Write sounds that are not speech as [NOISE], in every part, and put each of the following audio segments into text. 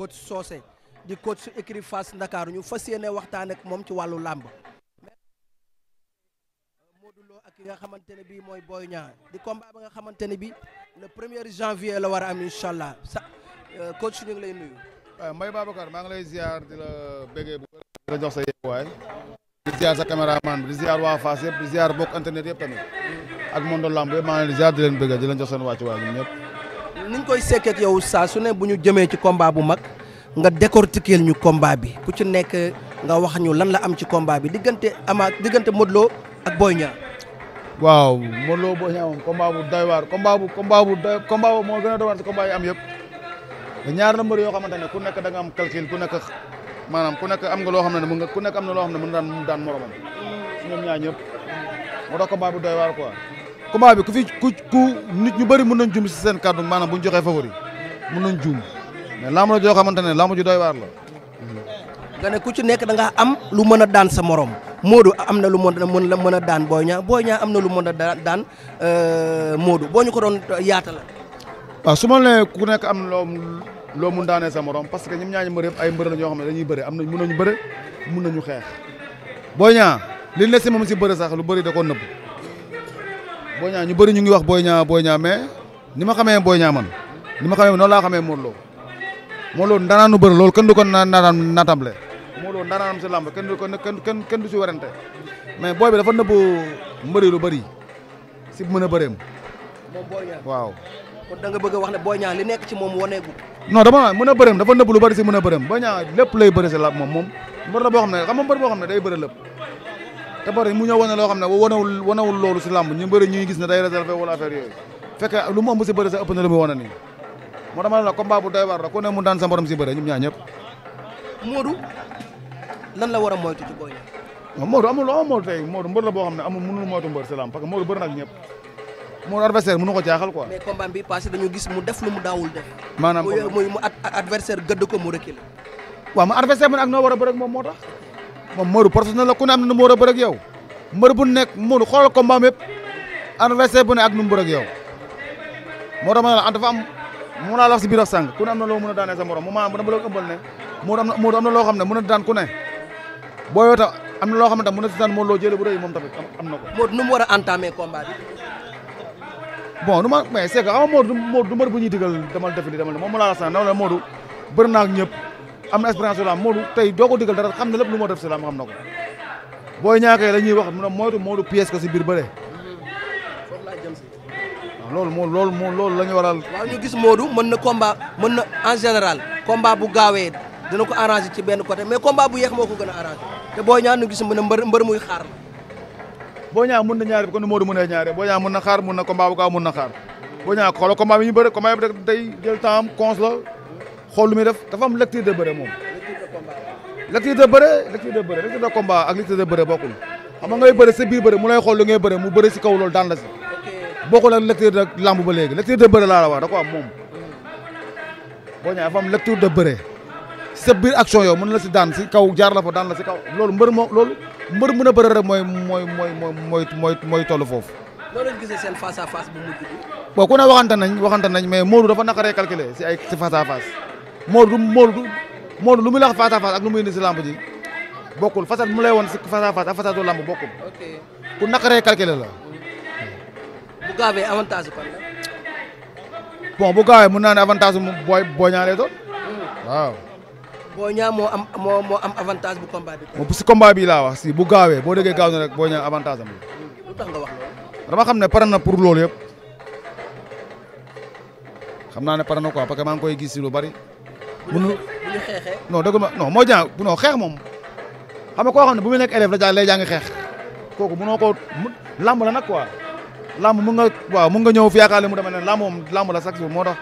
coach soose di coach su écurie Fass Ndakaaru ñu fas yéene waxtaan ak moom ci wàllu làmb. Modou Lo ak ki nga xamante ne bii mooy booy Niang di combat ba nga xamante ne bii le premier janvier la war a am incha allah sa euh, coach lay nuyu. Euh, Mbaye Babacar maa ngi lay ziar di la bëggee bu di la jox sa yeewaay di ziar bi di ziar waa Fass yëpp di ziar bokk internet yëpp tamit ak monde lamb yëpp maa ngi leen di ziar di leen bëggee di leen jox seen wàccuwaay ñun ñëpp. ni koy sekk ak yow saa su ne bu ñu jëmee ci combat bu mag nga décortiquer ñu combat bi ku ci nekk nga wax ñu lan la am ci combat bi diggante amaat diggante Modou loo ak Boy Niang. waaw Modou Lo Boy Niang bu doy waar combat bu combat bu doy combat moo a doy waar am yëpp ñaar na mbër yoo xamante ne ku nekk danga am calcul ku nekk maanaam ku nekk am nga loo xam ne mën nga ku nekk am na loo xam ne mun daan daan moromam ñoom ñaar ñëpp moo tax combat bu doy waar quoi. combat bi ku fi ku ku nit ñu bëri mun na juum si seen kàddu maanaam bu ñu joxee favori mën nañ juum mais lamb la joo xamante ne lamb ju doy waar la. nga ne ku ci nekk da nga am lu mën a daan sa morom Modou am na lu mën a mën a daan Boy Niang Boy Niang am na lu mën a daan euh, Modou boo ñu ko doon yaatal. waaw su ma nee ku nekk am loo loo mun daanee sa morom parce que ñoom ñaa mbër yëpp ay mbër la ñoo xam ne dañuy bëre am nañ mun nañu bëre mun ñu xeex boo ñaa li ne si moom si bëre sax lu bëri da koo Boy Niang ñu bëri ñu ngi wax Boy Niang Boy ni ma xamee Boy Niang man ni ma xamee noonu laa xamee Modou Lo Modou Lo ndanaanu bëri loolu kenn du ko naan naan naatable Modou Lo ndanaanam si làmb kenn du ko kenn kenn du si werante mais booy bi dafa nëbb mbëri lu bëri si mën a bëreem. moom Boy Niang waaw. kon a wax ne a bëreem a bëreem Boy Niang lépp lay bëri si làmb moom moom mbër la boo xam ne xam nga mbër boo xam ne day bëri lépp te bari mu ñëw wane loo xam ne wanawul wanawul loolu si làmb ñu bëri ñuy gis ne day réservé wala affaire yooyu fekk lu mu ëmb si sax ëpp na lu muy wane nii moo dama la combat bu mu daan sa borom la war a moytu ci Boy loo moytu tey Modou boo xam ne amul mënul moytu mbër si làmb parce que Modou bëri ko caaxal quoi mais combat gis mu def lu mu daawul def maanaam mooy mu adversaire gëdd ko mu reculer waaw mu adversaire bi nag noo war a bëri moom moo tax moom Modou professionnel la ku ne am na nu mu war a bëre ak yow mbër bu nekk Modou xoolal combat am yëpp adversaire bu ne ak nu mu bëre moo tax ma ne la ah, dafa am si biir ak sànq ku ne na loo mën a daanee sa morom mu maanaam ne ba la ëmbal ne Modou am na am na loo xam ne mën a daan ku boo yoo am na loo xam ne tam mën na si daan Modou Lo jëlee bu rëy moom tamit am na ko. Modou nu mu war a entamer combat bi. bon nu ma mais c'est que xam ah, nga du mbër bu ñuy digal demal def li demal moom mu laa la sànq dama ne Modou bëri na ak ñëpp am na expérience Lamu Modou tey doo ko digal dara xam na lépp lu moo def si xam ñuy wax mu ne moytu Modou pièce ko si biir bëre. loolu moo loolu moo loolu la ñu waral. waaw ñu gis Modou mën na combat mën na en général combat bu gaawee dina ko arrangé ci benn côté mais combat bu yeex moo ko gën a arrangé te gis mu ne mbër mbër muy xaar la. boo ñaa mën na ñaari bi kon Modou mën na ñaari boo ñaa mën na xaar mën na combat bu gaaw mën na xaar boo ñaa xoolal combat bi ñu bëri combat bi day jël temps xool lu muy def dafa am lecture de bëre moom. lecture de bëre lecture de bëre lecture de combat ak lecture de bëre bokkul xam nga ngay bëre sa biir bëre mu lay xool lu ngay bëre mu bëre si kaw loolu daan la si. bokkul ak lecture de lamb ba léegi lecture de bëre laa la da ko am moom. boo ñëwee dafa am lecture de bëre sa biir action yow mën la si daan si kaw jaar la fa daan la si kaw loolu mbër moo loolu mbër mën a bëre rek mooy mooy mooy mooy mooy toll foofu. loolu lañ gisee seen face à face bu mujj ku ne waxante nañ waxante nañ mais Modou dafa naqaree calculer si ay si face à Modou Modou Modou lu muy wax face à face ak lu muy indi si lamb ji bokkul façade mu lay woon si face à face ak façade lamb bokkul. ok ku naqaree calculer la. bu gaawee avantage bi la. bon bu gaawee mën naa ne avantage mu booy booy ñaaree doon hmm. waaw. boo ñaa moo am moo moo am avantage bu combat bi. moom si combat bi laa wax si bu gaawee boo déggee gaaw na rek boo ñaa avantage am la. Hmm. lu tax nga wax loolu. dama xam ne pare na pour loolu yëpp xam naa ne pare na quoi parce que maa ngi koy gis si lu bari. [LAUGHS] bu ñu xeexee non dëgg ma non moo jàng non xeex moom xam koo xam ne bu muy nekk élève la jàng lay jàng xeex kooku mënoo ko làmb la nag quoi làmb mun nga waaw mun nga ñëw fi yaakaar mu demee ne moom làmb la chaque jour moo tax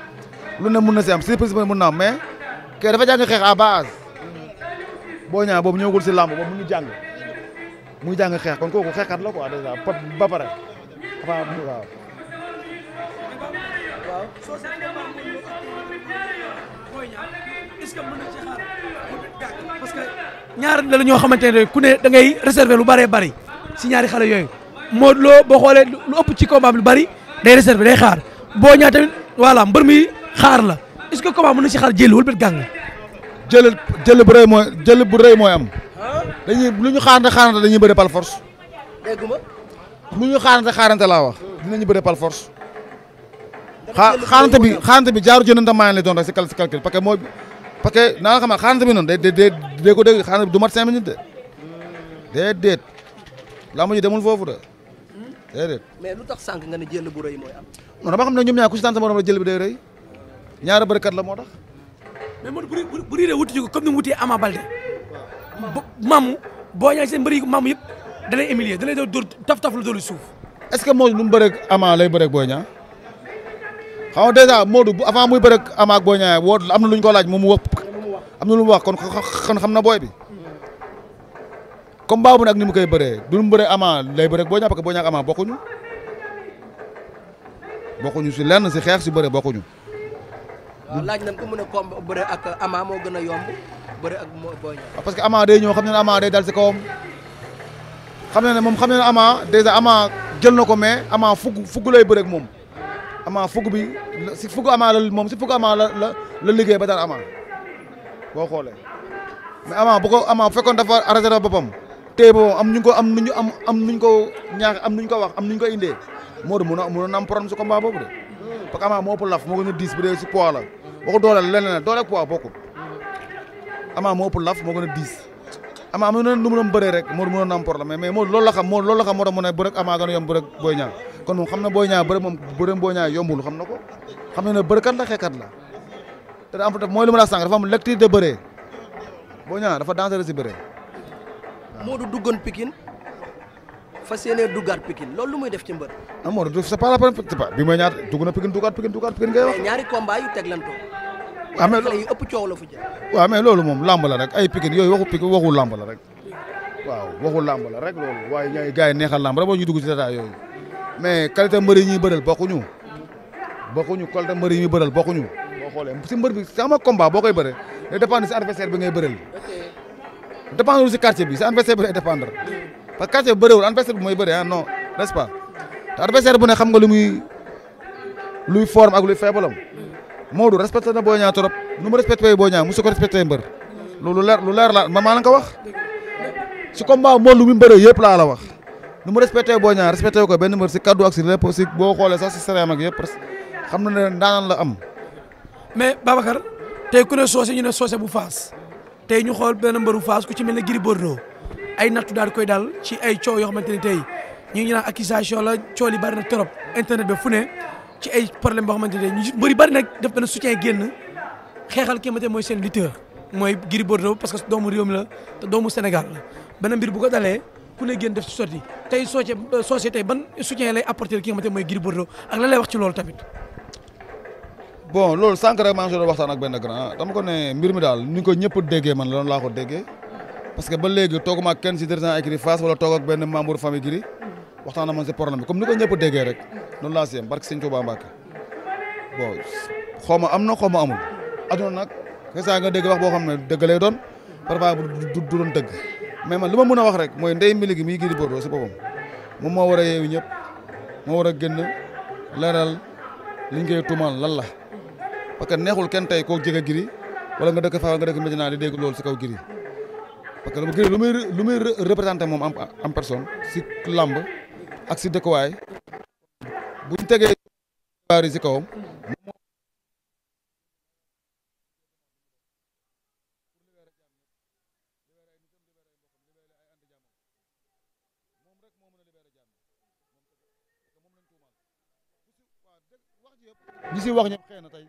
lu ne mun na si am surprise mun na am mais kii dafa jàng xeex a base boo ñaa boobu ñëwagul si làmb boobu mu ngi jàng muy jàng xeex kon kooku xeexkat la quoi déjà ba pare waaw waaw. waaw. est-ce que parce que ñaar la ñoo xamante ne ku ne da ngay réserver lu bëree bëri si ñaari xale yooyu moo Lo boo xoolee lu ëpp ci combat lu bëri day réserver day xaar boo ñaar tamit mbër mi xaar la est-ce que combat mën na si xaar jël wala bët gàng jël jël bu rëy mooy jël bu rëy mooy am dañuy lu ñu xaarante xaarante dañuy bëri par force dégguma lu ñu xaarante xaarante laa wax dinañu bëri par force xaarante bi xaarante bi jaaru jënante maayen lay doon rek si calcul parce parce que naa nga xam ne xaaral bi noonu day day day ko dégg de déedéet foofu de déedéet. mais lu tax sànq nga ne jël bu rëy mooy am. non dama xam ne ñoom ñaa ku si tànn sama morom jël bi day rëy ñaara bërëkat la moo tax. mais man bu bu bu riiree wuti ji ko comme boo ñaanee seen mbëri yi maamu yëpp da lay humilier da lay dóor taf taf lu dóor suuf. est ce que moo lu mu bëreeg Ama lay bëreeg boo xam dèjà Modou avant muy bëre Ama ak Boy am lu ñu ko laaj moom mu wax am na lu mu xam na booy bi comme baabu ni mu koy bëree du mu bëree Ama lay bëree Boy Niang parce que Boy Niang ak si xeex si bëre bokkuñu. laaj nañ ko mën a comb ak Ama moo gën a yomb bëre ak Boy Niang. Ah, parce que Ama day ñëw xam ne Ama day daal si kawam xam na ne moom xam na ne Ama dèjà Ama jël na ko mais Ama fukk fukk lay bëre moom. Ama fukk bi si fukk Ama la moom si fukk Ama la la liggéey ba daan Ama boo xoolee mais Ama bu ko Ama fekkoon dafa arrêté na boppam téye am ñu ko am nuñu am am nuñ ko ñaax am nuñ ko wax am nuñ ko indee Modou mun a mun a am problème si combat boobu de parce que moo ëpp laf moo gën a diis bu dee si poids la waxu doole leneen la doole poids bokkul Ama moo ëpp laf moo gën a diis. ama am na lu mu doon bëree rek Modou mënoon na am problème mais Modou loolu la xam Modou loolu la xam moo tax mu ne bërëg Ama gën a yomb bërëg Boy Niang kon moom xam na Boy Niang bërëg moom bërëg Boy Niang yombul xam na ko xam na ne bërëkat la xeekat la te da am mooy lu ma la sànq dafa am lecture de bëree Boy Niang dafa dangereux si bëree Modou duggoon Pikine fas yéenee duggaat Pikine loolu lu muy def ci mbër. ah Modou c'est pas la première bi mooy ñaar dugg na Pikine duggaat Pikine duggaat Pikine ngay wax. ñaari combat yu teglantoo waaw ah, mais loolu ëpp coow la loolu moom làmb la rek ay pikin yooyu waxu pikin waxu làmb la rek waaw waxu làmb la rek loolu waaye ñooy gars yi neexal làmb rek boo ñu dugg ci détail yooyu mais qualité mbër yi ñuy bëral bokkuñu bokkuñu qualité mbër yi boo xoolee si mbër bi sama combat boo koy bëre day dépendre si adversaire bi ngay bëral dépendre wul si quartier bi si adversaire bi lay dépendre parce que quartier bi bëréwul adversaire bi mooy bëre ah non nest pas te adversaire bu ne xam nga lu muy luy forme ak luy faible am Modou respecté na Boy Niang trop nu mu respecté Boy Niang mosu ko respecté mbër lu leer la mamaa maa la ko wax si combat Modou mi mbër yëpp laa la wax nu mu respecté Boy Niang respecté ko benn mbër si kaddu ak si lépp si boo xoolee sax si sereem ak yëpp xam na ne daanaan la am. mais Babacar tey ku ne soose ñu ne soose bu faas tey ñu xool benn mbëru faas ku ci mel ne Gris Bordeaux ay nattu daal koy daal ci ay coow yoo xamante ne tey ñu ngi naan accusation la coow li bari na trop internet bi fu ne. ci ay problème boo xamante ne ñu bëri bëri nag def benn soutien génn xeexal ki nga xamante mooy seen lutteur mooy Gris Bordeaux parce que doomu réew mi la te doomu Sénégal la benn mbir bu ko dalee ku ne génn def ci sotti tey sooce soocé tey ban soutien lay apporter ki nga xamante mooy Gris Bordeaux ak lan wax ci loolu tamit bon loolu sànq rek maa ngi doon waxtaan ak benn grand dama ko mbir mi daal ni ko ñëpp déggee man loolu laa ko déggee parce que ba léegi tooguma ak kenn si dirigeant écurie Fass déggee noonu laa si yem barke sëñ Tuubaa Mbàkke bon xaw ma am na xaw ma amul aduna nag xëy nga dégg wax boo xam ne dëgg lay doon parfois du doon dëgg mais man li ma mën a wax rek mooy ndey mbili gi mii gii di si boppam moom moo war a yeewu ñëpp moo war a génn leeral liñ koy tuumaal lan la parce que neexul kenn tey koo jege giri wala nga dëkk fa nga dëkk naa di dégg loolu si kaw giri parce que lu muy lu muy représenté moom am am personne si làmb ak si dëkkuwaay bu ñu tegee baari si kawam ñi si wax ñëpp xëy na tey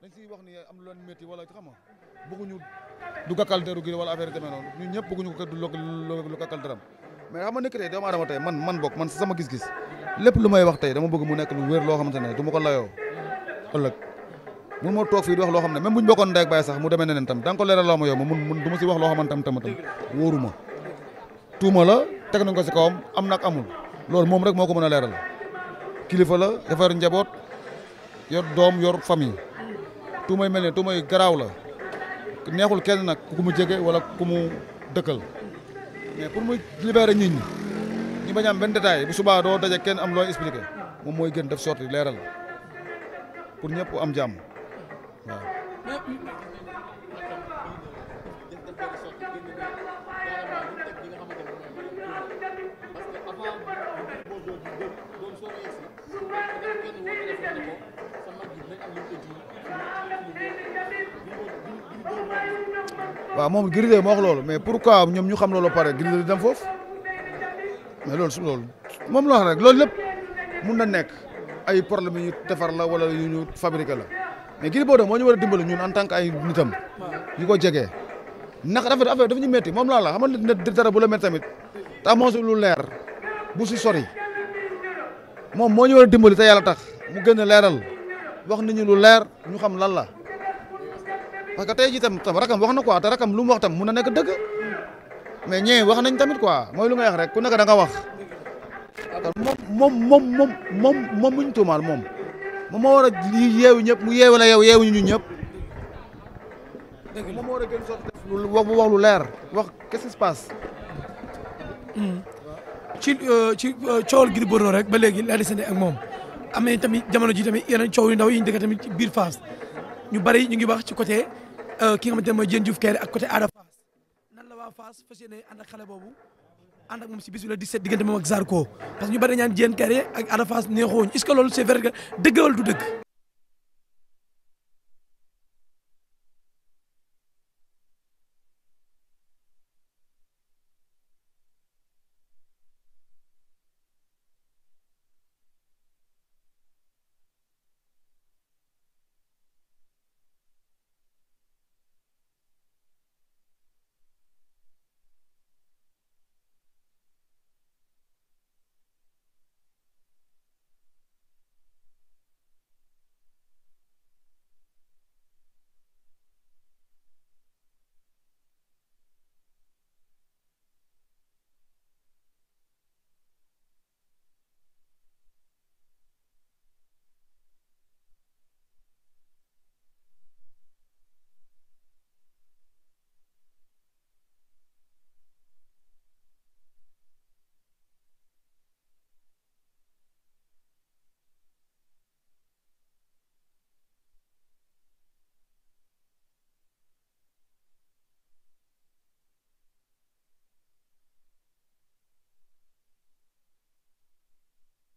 dañ siy wax ni am lu leen métti wala xam nga bëgguñu du gàkkal deru gi wala affaire demee noonu ñun ñëpp bëgguñu ko kat du lu gàkkal deram mais xam nga nekk tey doomu aadama tey man man bokk man sama gis-gis lépp lu may wax tey dama bëgg mu nekk lu wér loo xamante ne du ma ko layoo ëllëg mun moo toog fii di wax loo xam ne même bu ñu bokkoon ndey ak baay sax mu demee neneen tam da nga ko leeral ma yow ma mun mun du ma si wax loo xamante tam tam tam wóoru ma tuuma la teg nañ ko si kawam am nag amul loolu moom rek moo ko mën a leeral kilifa la dafa njaboot yor doom yor famille tuumay mel ne tuumay garaaw la neexul kenn nag ku mu jege wala ku mu dëkkal mais pour mu ñu bañ am benn détail bu subaa doo daje kenn am looy expliqué moom mooy gën def sorti leeral ñëpp am jàmm waaw. waaw moo wax loolu mais pourquoi ñoom ñu xam loolu pare Gris dem foofu. mais loolu su loolu moom la wax rek loolu lépp mun na nekk ay problème yu ñu defar la wala yu ñu fabriqué la mais boo Bordeaux moo ñu war a dimbali ñun en tant que ay nitam. yu ko jegee ndax affaire affaire dafa ñu metti moom laa la xam nga dara bu la métti tamit te lu leer bu si sori moom moo ñu dimbali te yàlla tax mu gën a leeral wax nit ñi lu leer ñu xam lan la parce que tey jii tam tam rakam wax na quoi te lu mu mun na nekk dëgg. mais ñee wax nañ tamit quoi mooy lu nga wax rek ku nekk da nga wax. moom moom moom moom moom muñ tuumaal moom moom moo war a yeewu ñëpp mu yeewu la yow yeewuñu ñun ñëpp. moom moo war a gën soog def lu wax wax lu leer wax qu'est-ce qui se passe. Hmm. ci euh, ci euh, coowal Gris Bordeaux rek ba léegi laa desandi ak moom am nañ tamit jamono ji tamit yeneen coow yu ndaw yi ñu dëkk tamit biir Fass ñu bari ñu ngi wax ci côté euh, ki nga xamante ne mooy Diène Diouf Kairé ak côté Ada Fass fas yéene ànd ak xale boobu ànd ak moom si bis bi la 17 diggante moom ak Zarko parce que bari ñaan Diène Kairé Ada Fass neexooñ est-ce que loolu c'est vrai que dëgg wala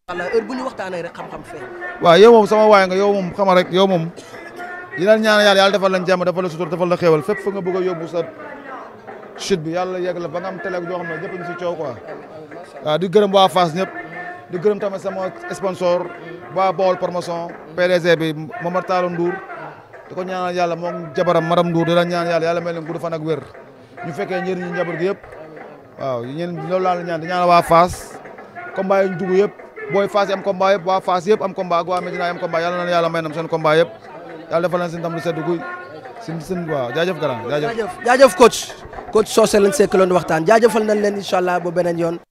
waaw heure bu ñu waxtaanee rek xam-xam feeñ. waaw yow moom sama waay nga yow moom xama rek yow moom yi daal ñaan yàlla yàlla defal lañ jàmm defal la sutur defal la xéewal fépp fa nga bëgg a yóbbu sa chute bi yàlla yegg la ba nga am télé joo xam ne ñëpp ñu si coow di gërëm waa Fass ñëpp di gërëm tamit sama sponsor waa Bawol promotion PDG bi Momar Talla Ndour di ko ñaanal yàlla moom jabaram Maram Ndour di la ñaan yàlla yàlla may leen gudd fan ak ñu fekkee njëriñu njaboot gi yëpp waaw ñeen loolu laa la ñaan di ñaanal waa Fass combat yi ñu yëpp booy Fass yi am combat yëpp waa Fass yëpp am combat ak waa Medina yi am combat yàlla na yàlla may nam seen combat yëpp sedd guy seen seen waaw jaajëf grand jaajëf coach coach Socé lañ sekkaloon waxtaan jaajëfal nañ leen incha allah ba beneen yoon